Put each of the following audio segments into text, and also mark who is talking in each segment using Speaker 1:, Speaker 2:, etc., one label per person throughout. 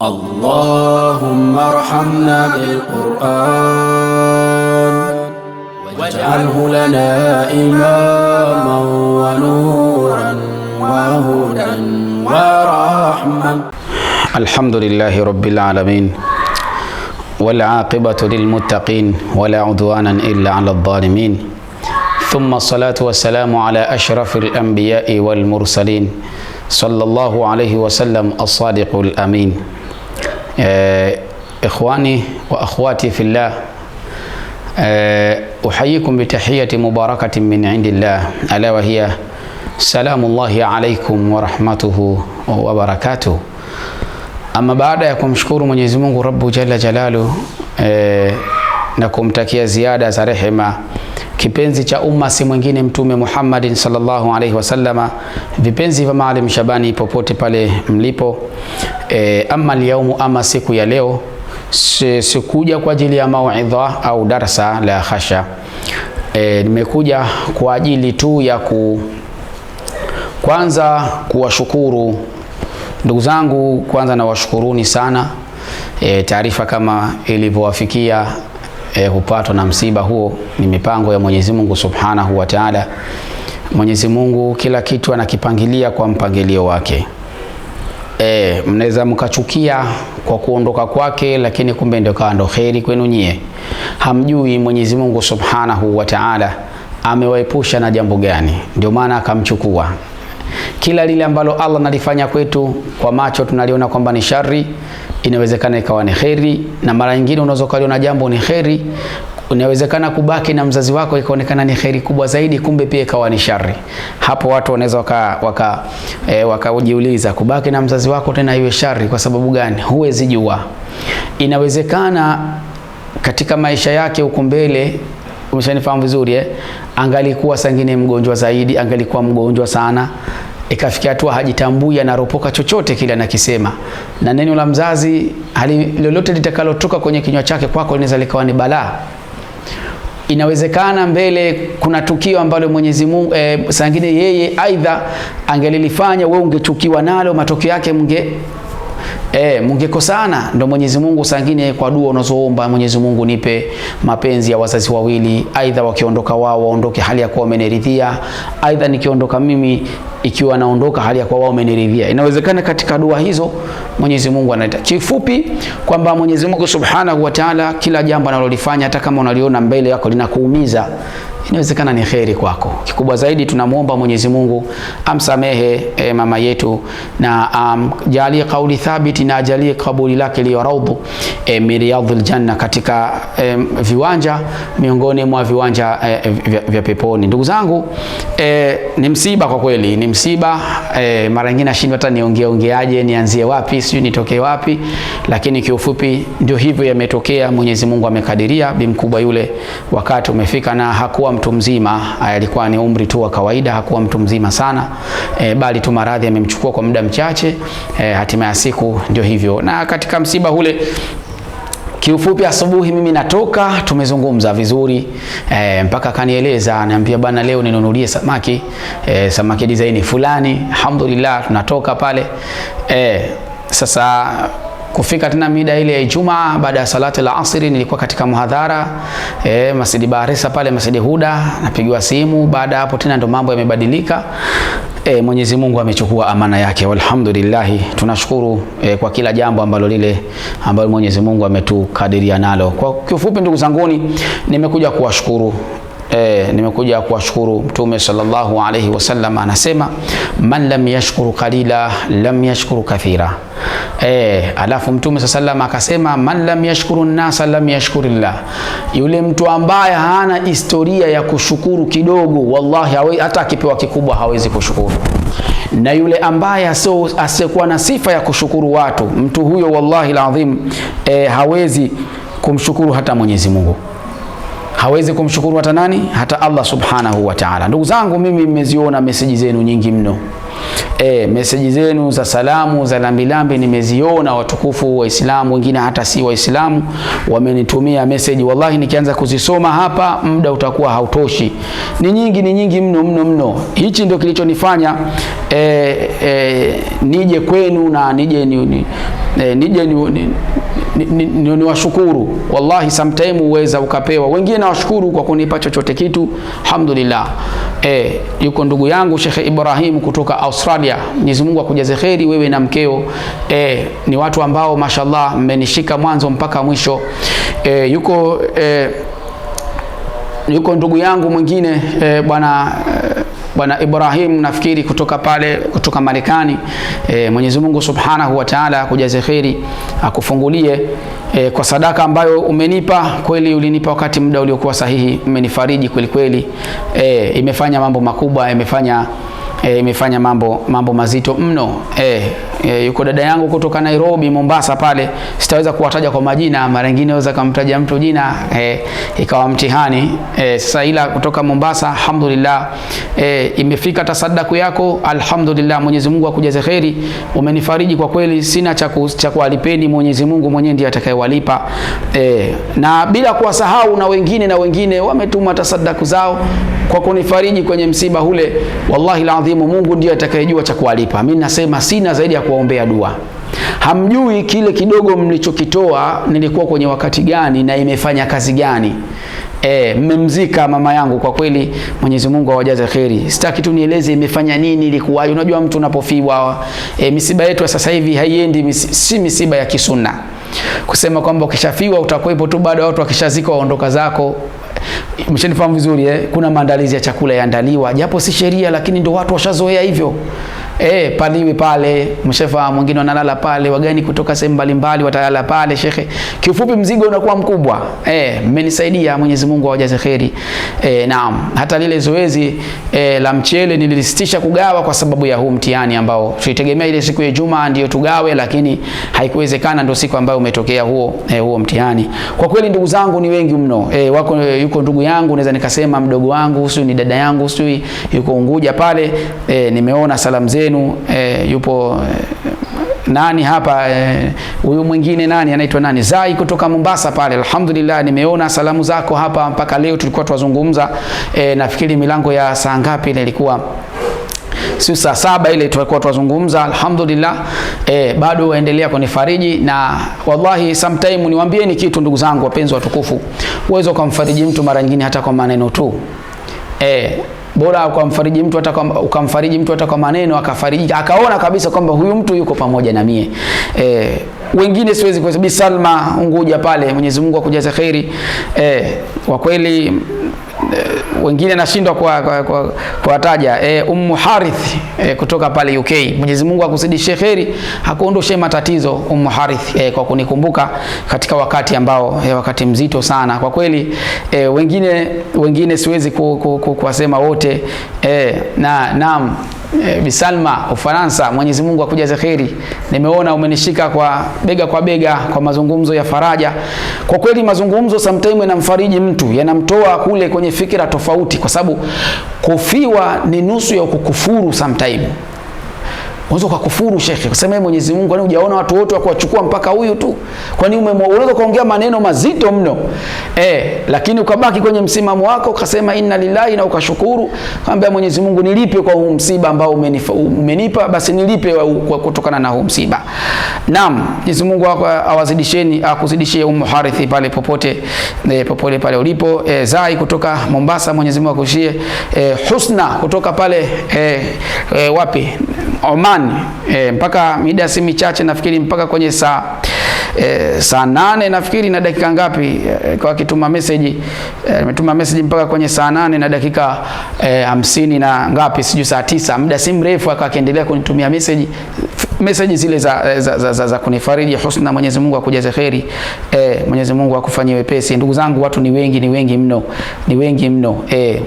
Speaker 1: اللهم ارحمنا بالقرآن واجعله لنا إماما ونورا وهدى ورحمة
Speaker 2: الحمد لله رب العالمين والعاقبة للمتقين ولا عدوانا إلا على الظالمين ثم الصلاة والسلام على أشرف الأنبياء والمرسلين صلى الله عليه وسلم الصادق الأمين آه، إخواني وأخواتي في الله آه، أحييكم بتحية مباركة من عند الله ألا وهي سلام الله عليكم ورحمته وبركاته أما بعد ya شكور من يزمون رب جل جلاله e, آه، na زيادة ziada Kipenzi cha umma si mwingine Mtume Muhammad sallallahu alaihi wasallama. Vipenzi vya Maalim Shabani popote pale mlipo, e, ama lyaumu ama siku ya leo sikuja kwa ajili ya mauidha au darsa la khasha. E, nimekuja kwa ajili tu ya ku kwanza kuwashukuru ndugu zangu. Kwanza nawashukuruni sana e, taarifa kama ilivyowafikia eh, hupatwa na msiba huo ni mipango ya Mwenyezi Mungu Subhanahu wa Ta'ala. Mwenyezi Mungu kila kitu anakipangilia kwa mpangilio wake. E, mnaweza mkachukia kwa kuondoka kwake, lakini kumbe ndio kawa ndo kheri kwenu nyie. Hamjui Mwenyezi Mungu Subhanahu wa Ta'ala amewaepusha na jambo gani, ndio maana akamchukua kila lile ambalo Allah nalifanya kwetu kwa macho tunaliona kwamba ni shari, inawezekana ikawa ni kheri, na mara nyingine unaweza ukaliona jambo ni kheri, inawezekana kubaki na mzazi wako ikaonekana ni kheri kubwa zaidi, kumbe pia ikawa ni shari. Hapo watu wanaweza waka waka e, wakajiuliza kubaki na mzazi wako tena iwe shari kwa sababu gani? Huwezi jua. Inawezekana katika maisha yake huko mbele Umeshanifahamu vizuri eh? Angalikuwa sangine mgonjwa zaidi, angalikuwa mgonjwa sana, ikafikia hatua hajitambui, anaropoka chochote kile anakisema, na neno la mzazi hali lolote litakalotoka kwenye kinywa chake kwako linaweza likawa ni balaa. Inawezekana mbele kuna tukio ambalo Mwenyezi Mungu e, eh, sangine yeye aidha angelilifanya wewe ungechukiwa nalo, matokeo yake mnge E, eh, mungekosana. Ndo Mwenyezi Mungu sangine kwa dua unazoomba Mwenyezi Mungu, nipe mapenzi ya wazazi wawili, aidha wakiondoka wao waondoke hali ya kuwa wameniridhia, aidha nikiondoka mimi ikiwa naondoka hali ya kuwa wao wameniridhia. Inawezekana katika dua hizo Mwenyezi Mungu anaita. Kifupi kwamba Mwenyezi Mungu Subhanahu wa Ta'ala, kila jambo analolifanya hata kama unaliona mbele yako linakuumiza, inawezekana ni kheri kwako. Kikubwa zaidi tunamwomba Mwenyezi Mungu amsamehe e, mama yetu na amjalie um, kauli thabiti na ajalie kaburi lake liyo raudhu e, miriyadhul janna, katika e, viwanja miongoni mwa viwanja e, vya, vya peponi. Ndugu zangu e, ni msiba kwa kweli ni msiba e, mara nyingine nashindwa hata niongee ongeaje, nianzie wapi, sijui nitokee wapi, lakini kiufupi ndio hivyo yametokea. Mwenyezi Mungu amekadiria, bi mkubwa yule wakati umefika, na hakuwa mtu mzima, eh, alikuwa ni umri tu wa kawaida, hakuwa mtu mzima sana e, bali tu maradhi yamemchukua kwa muda mchache e, hatima ya siku ndio hivyo, na katika msiba ule Kiufupi asubuhi mimi natoka, tumezungumza vizuri e, mpaka akanieleza ananiambia, bana, leo ninunulie samaki e, samaki design fulani. Alhamdulillah tunatoka pale e, sasa kufika tena mida ile ya Ijumaa baada ya salati la asri, nilikuwa katika muhadhara e, Masjid Baharisa pale Masjid Huda, napigiwa simu. Baada hapo tena ndo mambo yamebadilika. E, Mwenyezi Mungu amechukua amana yake, walhamdulillah. Tunashukuru e, kwa kila jambo ambalo lile ambalo Mwenyezi Mungu ametukadiria nalo. Kwa kifupi, ndugu zanguni, nimekuja kuwashukuru eh, nimekuja kuwashukuru Mtume sallallahu alayhi wasallam anasema, man lam yashkuru qalila lam yashkuru kathira. Eh, alafu Mtume wasallam akasema, man lam yashkuru nasa lam yashkuru llah yule mtu ambaye hana historia ya kushukuru kidogo, wallahi hata akipewa kikubwa hawezi kushukuru na yule ambaye asiyekuwa na sifa ya kushukuru watu, mtu huyo wallahi ladhim e, eh, hawezi kumshukuru hata Mwenyezi Mungu hawezi kumshukuru hata nani? Hata Allah subhanahu wa ta'ala. Ndugu zangu, mimi mmeziona meseji zenu nyingi mno E, meseji zenu za salamu za lambilambi nimeziona. Watukufu Waislamu wengine hata si Waislamu wamenitumia meseji, wallahi nikianza kuzisoma hapa muda utakuwa hautoshi. Ni nyingi, ni nyingi mno mno mno. Hichi ndio kilichonifanya e, e, nije kwenu na nije ni, ni, e, nije ni, ni, ni, ni, ni washukuru wallahi, sometime uweza ukapewa. Wengine nawashukuru kwa kunipa chochote kitu, alhamdulillah. E, yuko ndugu yangu Sheikh Ibrahim kutoka Australia, Mwenyezi Mungu akujaze kheri wewe na mkeo. E, ni watu ambao mashallah mmenishika mwanzo mpaka mwisho. E, yuko e, yuko ndugu yangu mwingine e, bwana e, Bwana Ibrahim nafikiri kutoka pale kutoka Marekani. E, Mwenyezi Mungu Subhanahu wa Ta'ala akujaze kheri, akufungulie e, kwa sadaka ambayo umenipa. Kweli ulinipa wakati muda uliokuwa sahihi, umenifariji kweli kweli. E, imefanya mambo makubwa, imefanya e, imefanya mambo mambo mazito mno e, e, yuko dada yangu kutoka Nairobi, Mombasa pale, sitaweza kuwataja kwa majina, mara nyingine naweza kumtaja mtu jina e, ikawa mtihani e, sasa, ila kutoka Mombasa alhamdulillah, e, imefika tasadaku yako alhamdulillah. Mwenyezi Mungu akujaze kheri, umenifariji kwa kweli, sina cha cha kuwalipeni, Mwenyezi Mungu mwenyewe ndiye atakayewalipa e, na bila kuwasahau na wengine na wengine wametuma tasadaku zao kwa kunifariji kwenye msiba ule, wallahi la adhimu, Mungu ndiye atakayejua cha kuwalipa. Mimi nasema sina zaidi ya kuwaombea dua. Hamjui kile kidogo mlichokitoa nilikuwa kwenye wakati gani na imefanya kazi gani. E, mmemzika mama yangu kwa kweli, Mwenyezi Mungu awajaze kheri. Sitaki tu nieleze imefanya nini, ilikuwa unajua mtu unapofiwa e, misiba yetu sasa hivi haiendi misi, si misiba ya kisunna kusema kwamba ukishafiwa utakuwepo tu, bado watu wakishazika waondoka zako mshenifahamu vizuri eh? Kuna maandalizi ya chakula yaandaliwa, japo si sheria, lakini ndio watu washazoea hivyo eh, paliwi pale, mshefa mwingine analala pale, wageni kutoka sehemu mbalimbali watalala pale shekhe. Kiufupi mzigo unakuwa mkubwa. Eh, mmenisaidia Mwenyezi Mungu awajaze kheri. Eh, naam. Hata lile zoezi eh, la mchele nililisitisha kugawa kwa sababu ya huu mtihani ambao tulitegemea ile siku ya Jumaa ndio tugawe, lakini haikuwezekana, ndio siku ambayo umetokea huo eh, huo mtihani. Kwa kweli ndugu zangu ni wengi mno. Eh, wako yuko ndugu yangu naweza nikasema mdogo wangu, husu ni dada yangu, husu yuko Unguja pale. Eh, nimeona salamu zenu yenu e, yupo e, nani hapa eh, huyu e, mwingine nani anaitwa nani Zai kutoka Mombasa pale. Alhamdulillah, nimeona salamu zako hapa mpaka leo tulikuwa twazungumza e, nafikiri milango ya saa ngapi ile ilikuwa si saa saba ile tulikuwa tuwazungumza. Alhamdulillah, eh, bado waendelea kunifariji na wallahi, sometime ni kitu ndugu zangu wapenzi watukufu, uwezo ukamfariji mtu mara nyingine hata kwa maneno tu eh, bora ukamfariji mtu hata ukamfariji mtu hata kwa maneno akafarijika, akaona kabisa kwamba huyu mtu yuko pamoja na mie. E, wengine siwezi kuhesabu. Salma Unguja pale, Mwenyezi Mungu akujaze kheri. E, kwa kweli Eh, wengine nashindwa kwa kwa, kwa, kwa e, eh, Ummu Harith e, kutoka pale UK. Mwenyezi Mungu akusidishie kheri, akuondoshe matatizo Ummu Harith e, kwa kunikumbuka katika wakati ambao e, wakati mzito sana kwa kweli e, wengine wengine siwezi kuwasema ku, ku, wote e, na naam Eh, Bisalma Ufaransa, Mwenyezi Mungu akujaze kheri. Nimeona umenishika kwa bega kwa bega kwa mazungumzo ya faraja. Kwa kweli mazungumzo sometimes yanamfariji mtu, yanamtoa kule kwenye fikira tofauti, kwa sababu kufiwa ni nusu ya kukufuru sometimes. Unaweza ukakufuru shekhe, kusema yeye eh, Mwenyezi Mungu, kwani hujaona watu wote wa kuwachukua mpaka huyu tu? Kwani unaweza kuongea maneno mazito mno eh, lakini ukabaki kwenye msimamo wako ukasema inna lillahi na ukashukuru, kaambia Mwenyezi Mungu, nilipe kwa huu msiba ambao umenipa, basi nilipe kwa kutokana na huu msiba. Naam, Mwenyezi Mungu awazidisheni akuzidishie Umu Harithi pale popote e, popote pale ulipo e, Zai kutoka Mombasa, Mwenyezi Mungu akushie e, Husna kutoka pale e, e, wapi Oman nane e, mpaka mida si michache nafikiri mpaka kwenye saa e, saa nane nafikiri na dakika ngapi e, kwa kituma message e, nimetuma e, message mpaka kwenye saa nane na dakika e, hamsini na ngapi sijui saa tisa muda si mrefu akaendelea kunitumia message message zile za, za, za, za, za kunifariji husna. Mwenyezi Mungu akujaze kheri e, Mwenyezi Mungu akufanyie wepesi. Ndugu zangu, watu ni wengi, ni wengi mno, ni wengi mno e.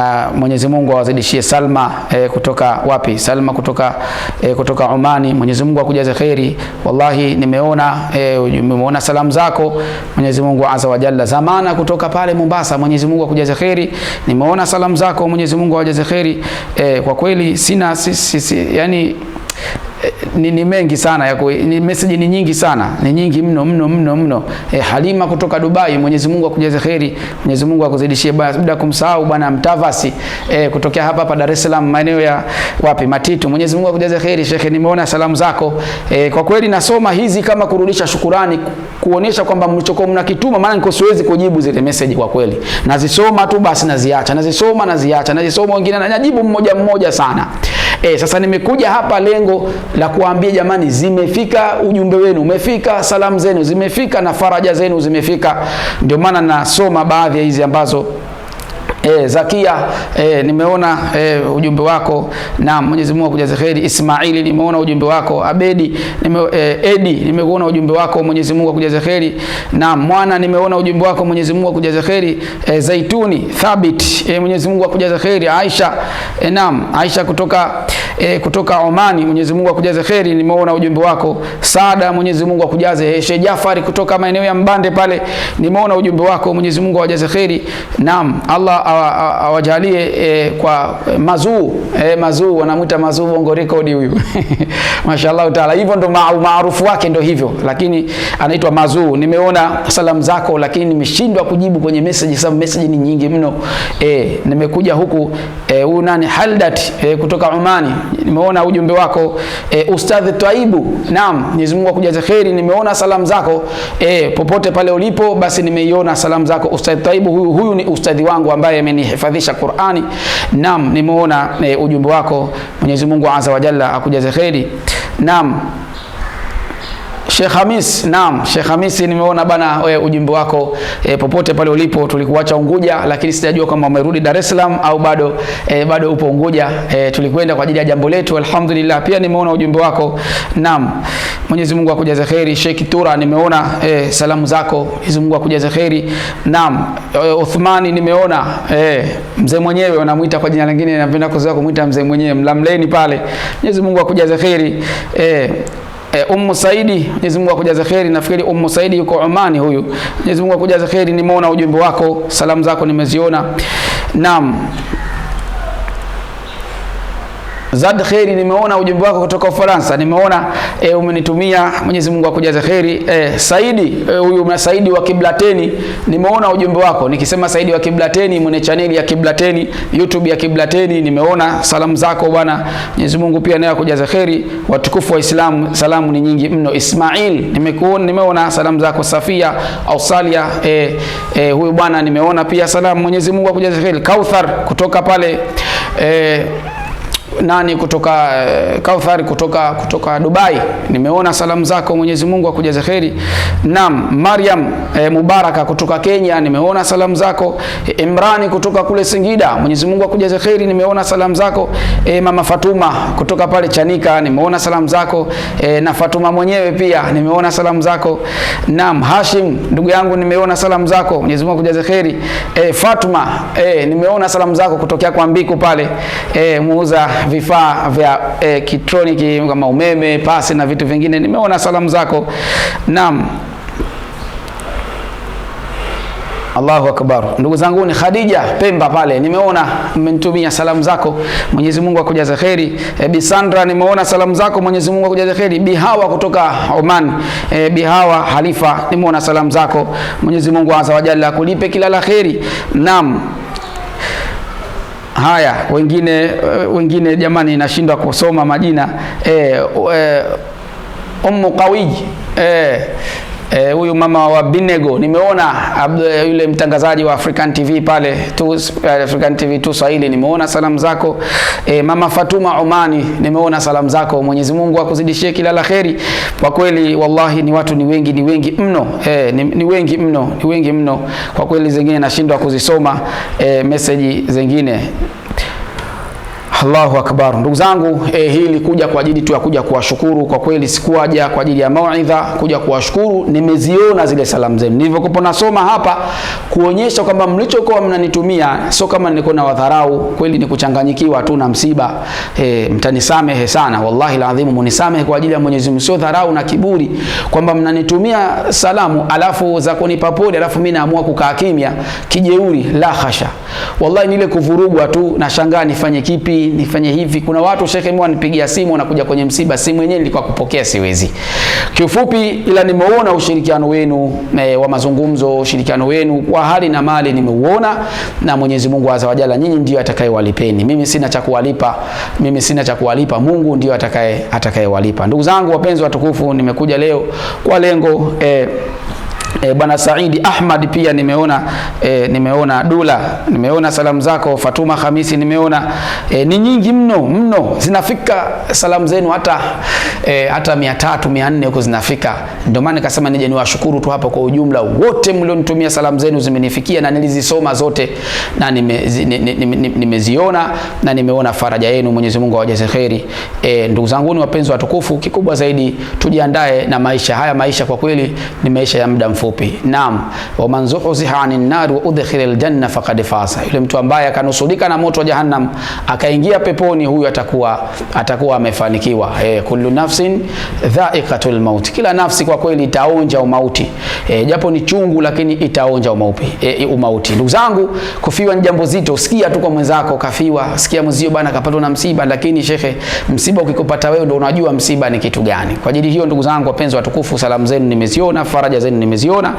Speaker 2: Ah, Mwenyezi Mungu awazidishie Salma eh, kutoka wapi? Salma kutoka eh, kutoka Omani. Mwenyezi Mungu akujaze kheri. Wallahi nimeona eh, nimeona salamu zako. Mwenyezi Mungu azza wa jalla. Zamana kutoka pale Mombasa. Mwenyezi Mungu akujaze kheri. Nimeona salamu zako. Mwenyezi Mungu awajaze kheri. Eh, kwa kweli sina si, si, si, yani Eh, ni, ni mengi sana ya kui, ni message ni nyingi sana ni nyingi mno mno mno mno. E, Halima kutoka Dubai, Mwenyezi Mungu akujaze kheri, Mwenyezi Mungu akuzidishie basi, bila kumsahau bwana Mtavasi e, kutokea hapa hapa Dar es Salaam maeneo ya wapi Matitu, Mwenyezi Mungu akujaze kheri shekhe, nimeona salamu zako e, kwa kweli nasoma hizi kama kurudisha shukurani, kuonesha kwamba mlichokuwa mnakituma, maana niko siwezi kujibu zile message kwa kweli, nazisoma tu basi naziacha, nazisoma naziacha, nazisoma wengine najibu mmoja mmoja sana. E, sasa nimekuja hapa lengo la kuambia jamani, zimefika, ujumbe wenu umefika, salamu zenu zimefika na faraja zenu zimefika. Ndio maana nasoma baadhi ya hizi ambazo E, Zakia e, nimeona e, ujumbe wako. na Mwenyezi Mungu akujaze kheri. Ismaili nimeona ujumbe wako. Abedi nime, e, Edi nimeona ujumbe wako. Mwenyezi Mungu akujaze kheri. Naam, mwana nimeona ujumbe wako. Mwenyezi Mungu akujaze kheri. E, Zaituni Thabit e, Mwenyezi Mungu akujaze kheri. Aisha e, naam, Aisha kutoka e, kutoka Omani Mwenyezi Mungu akujaze kheri. Nimeona ujumbe wako. Saada Mwenyezi Mungu akujaze. E, Sheikh Jafari kutoka maeneo ya Mbande pale nimeona ujumbe wako. Mwenyezi Mungu awajaze kheri. Naam, Allah awajalie e, kwa mazuu e, mazuu wanamwita mazuu bongo rekodi huyu mashaallah taala. Hivyo ndo maarufu wake ndo hivyo, lakini anaitwa mazuu. Nimeona salamu zako, lakini nimeshindwa kujibu kwenye message, sababu message ni nyingi mno e, nimekuja huku huyu e, nani Haldat e, kutoka Omani, nimeona ujumbe wako e, ustadhi Twaibu, naam, Mwenyezi Mungu akujaze kheri. Nimeona salamu zako e, popote pale ulipo, basi nimeiona salamu zako ustadhi Twaibu. Huyu, huyu ni ustadhi wangu ambaye amenihifadhisha Qur'ani. Naam, nimeona e, ujumbe wako. Mwenyezi Mungu Azza wa Jalla akujaze kheri. Naam. Sheikh Hamis, naam, Sheikh Hamis, nimeona bana we, ujumbe wako e, popote pale ulipo tulikuacha Unguja, lakini sijajua kama umerudi Dar es Salaam au bado e, bado upo Unguja. E, tulikwenda kwa ajili ya jambo letu, alhamdulillah. Pia nimeona ujumbe wako, naam. Mwenyezi Mungu akujaze kheri. Sheikh Tura nimeona e, salamu zako. Mwenyezi Mungu akujaze kheri. Naam, e, Uthmani nimeona e, mzee mwenyewe wanamuita kwa jina lingine, napenda kuzoea kumuita mzee mwenyewe, mlamleni pale. Mwenyezi Mungu akujaze kheri. Eh, E, Ummu Saidi, Mwenyezi Mungu akujaze kheri. Nafikiri Ummu Saidi yuko Omani huyu. Mwenyezi Mungu akujaze kheri, nimeona ujumbe wako, salamu zako nimeziona. Naam. Zad kheri, nimeona ujumbe wako kutoka Ufaransa, nimeona e, umenitumia. Mwenyezi Mungu akujaze kheri. E, Saidi eh, huyu e, Saidi wa Kiblateni, nimeona ujumbe wako. Nikisema Saidi wa Kiblateni, mwenye chaneli ya Kiblateni, YouTube ya Kiblateni, nimeona salamu zako bwana. Mwenyezi Mungu pia naye akujaze kheri. Watukufu wa Islam, salamu ni nyingi mno. Ismail, nimekuona, nimeona salamu zako. Safia au Salia, e, e, huyu bwana nimeona pia salamu. Mwenyezi Mungu akujaze kheri. Kauthar kutoka pale e, nani kutoka e, eh, Kauthar kutoka, kutoka Dubai. Nimeona salamu zako, Mwenyezi Mungu akujaze kheri. Naam, Mariam e, Mubaraka kutoka Kenya, nimeona salamu zako. E, Imrani kutoka kule Singida, Mwenyezi Mungu akujaze kheri, nimeona salamu zako. E, Mama Fatuma kutoka pale Chanika, nimeona salamu zako. E, na Fatuma mwenyewe pia nimeona salamu zako. Naam, Hashim ndugu yangu, nimeona salamu zako, Mwenyezi Mungu akujaze kheri. E, Fatuma e, nimeona salamu zako kutokea kwa Mbiku pale e, muuza vifaa vya elektroniki kama umeme, pasi na vitu vingine. Nimeona salamu zako. Naam. Allahu akbar, ndugu zangu, ni Khadija Pemba pale, nimeona mmenitumia salamu zako, Mwenyezi Mungu akujaze kheri. E, Bi Sandra, nimeona salamu zako, Mwenyezi Mungu akujaze kheri. Bi Hawa kutoka Oman, e, Bi Hawa Halifa, nimeona salamu zako, Mwenyezi Mungu azza akulipe kila la kheri. Naam. Haya, wengine eh, wengine, jamani, nashindwa kusoma majina. E, e, Ummu Qawiyy e, Eh, huyu mama wa Binego nimeona eh, yule mtangazaji wa African TV pale tu, eh, African TV tu Swahili nimeona salamu zako e, mama Fatuma Omani nimeona salamu zako. Mwenyezi Mungu akuzidishie kila la kheri. Kwa kweli wallahi, ni watu ni wengi ni wengi mno e, ni, ni wengi mno ni wengi mno kwa kweli, zingine nashindwa kuzisoma e, meseji zingine Allahu akbar, ndugu zangu eh, hili kuja kwa ajili tu ya kuja kuwashukuru kwa kweli, sikuwaja kwa ajili ya mauidha, kuja kuwashukuru. Nimeziona zile salamu zenu nilivyokuwa nasoma hapa, kuonyesha kwamba mlichokuwa mnanitumia sio kama nilikuwa na wadharau, kweli ni kuchanganyikiwa tu na msiba. Eh, mtanisamehe sana, wallahi alazim munisamehe kwa ajili ya Mwenyezi Mungu, sio dharau na kiburi kwamba mnanitumia salamu alafu za kunipa pole, alafu mimi naamua kukaa kimya kijeuri. La hasha, wallahi nile kuvurugwa tu, nashangaa nifanye kipi nifanye hivi. Kuna watu shekhe, mimi wanipigia simu wanakuja kwenye msiba, simu yenyewe nilikuwa kupokea siwezi. Kiufupi, ila nimeona ushirikiano wenu e, wa mazungumzo, ushirikiano wenu kwa hali na mali nimeuona, na Mwenyezi Mungu azza wajala, nyinyi ndio atakayewalipeni. Mimi sina cha kuwalipa, mimi sina cha kuwalipa, Mungu ndio atakaye atakayewalipa. Ndugu zangu wapenzi watukufu, nimekuja leo kwa lengo e, E, Bwana Saidi Ahmad pia nimeona e, nimeona Dula, nimeona salamu zako Fatuma Hamisi, nimeona e, ni nyingi mno mno, zinafika salamu zenu hata e, hata 300 400 huko zinafika. Ndio maana nikasema nije niwashukuru tu hapa kwa ujumla wote mlionitumia salamu zenu, zimenifikia na nilizisoma zote na nimeziona nime, nime, nime, na nimeona faraja yenu. Mwenyezi Mungu awajaze kheri. E, ndugu zangu ni wapenzi watukufu, kikubwa zaidi tujiandae na maisha haya. Maisha kwa kweli ni maisha ya muda mfupi. Naam, waman zuhziha anin nar wa udkhila aljanna faqad fasa, yule mtu ambaye akanusurika na moto wa jahannam akaingia peponi, huyu atakuwa atakuwa amefanikiwa. E, kullu nafsin dha'iqatul maut, kila nafsi kwa kweli itaonja umauti. E, japo ni chungu lakini itaonja umauti. E, umauti. Ndugu zangu, kufiwa ni jambo zito. Sikia tu kwa mwenzako kafiwa, sikia mzio bana kapatwa na msiba, lakini shekhe, msiba ukikupata wewe ndio unajua msiba ni kitu gani. Kwa ajili hiyo, ndugu zangu wapenzi watukufu, salamu zenu nimeziona, faraja zenu nimeziona kuziona.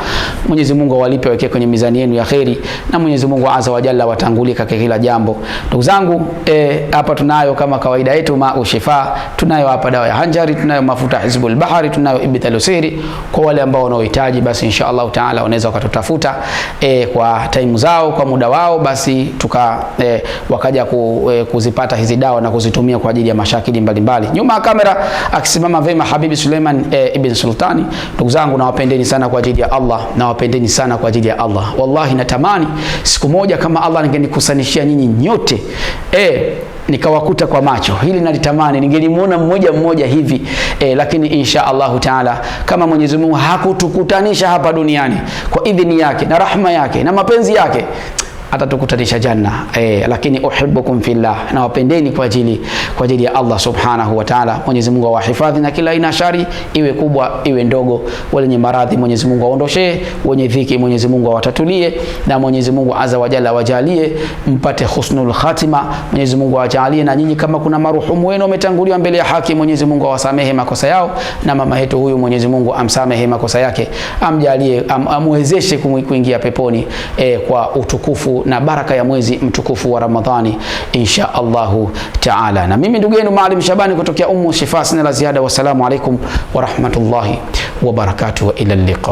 Speaker 2: Mwenyezi Mungu awalipe aweke kwenye mizani yenu ya kheri, na Mwenyezi Mungu aza wajalla watangulie katika kila jambo. Ndugu zangu, e, hapa e, tunayo kama kawaida yetu mau shifa, tunayo hapa dawa ya hanjari, tunayo mafuta hizbul bahari, tunayo ibtalu siri kwa wale ambao wanaohitaji, basi insha Allah taala wanaweza wakatutafuta e, kwa taimu zao kwa muda wao, basi tuka e, wakaja ku, e, kuzipata hizi dawa na kuzitumia kwa ajili ya mashakili mbalimbali Nyuma ya kamera akisimama vema Habibi Suleiman e, ibn Sultani. Ndugu zangu nawapendeni sana kwa ajili ajili ya Allah na wapendeni sana kwa ajili ya Allah. Wallahi natamani siku moja kama Allah ningenikusanishia nyinyi nyote e, nikawakuta kwa macho hili nalitamani, ningelimuona mmoja mmoja hivi e, lakini insha Allahu taala kama Mwenyezi Mungu hakutukutanisha hapa duniani kwa idhini yake na rahma yake na mapenzi yake atatukutanisha janna e, lakini uhibbukum fillah, na wapendeni kwa ajili kwa ajili ya Allah subhanahu wa ta'ala. Mwenyezi Mungu awahifadhi na kila aina shari, iwe kubwa iwe ndogo. Wenye maradhi Mwenyezi Mungu aondoshee, wenye dhiki Mwenyezi Mungu awatatulie, na Mwenyezi Mungu azza wa jalla wajalie mpate husnul khatima. Mwenyezi Mungu awajalie na nyinyi, kama kuna maruhumu wenu wametanguliwa mbele ya haki, Mwenyezi Mungu awasamehe makosa yao, na mama yetu huyu Mwenyezi Mungu amsamehe makosa yake, amjalie am, amwezeshe kuingia peponi e, kwa utukufu na baraka ya mwezi mtukufu wa Ramadhani insha Allahu taala. Na mimi ndugu yenu Maalim Shabani kutokea Ummu Shifa, sina la ziada. Wassalamu alaikum warahmatullahi wabarakatuh, wa ila liqa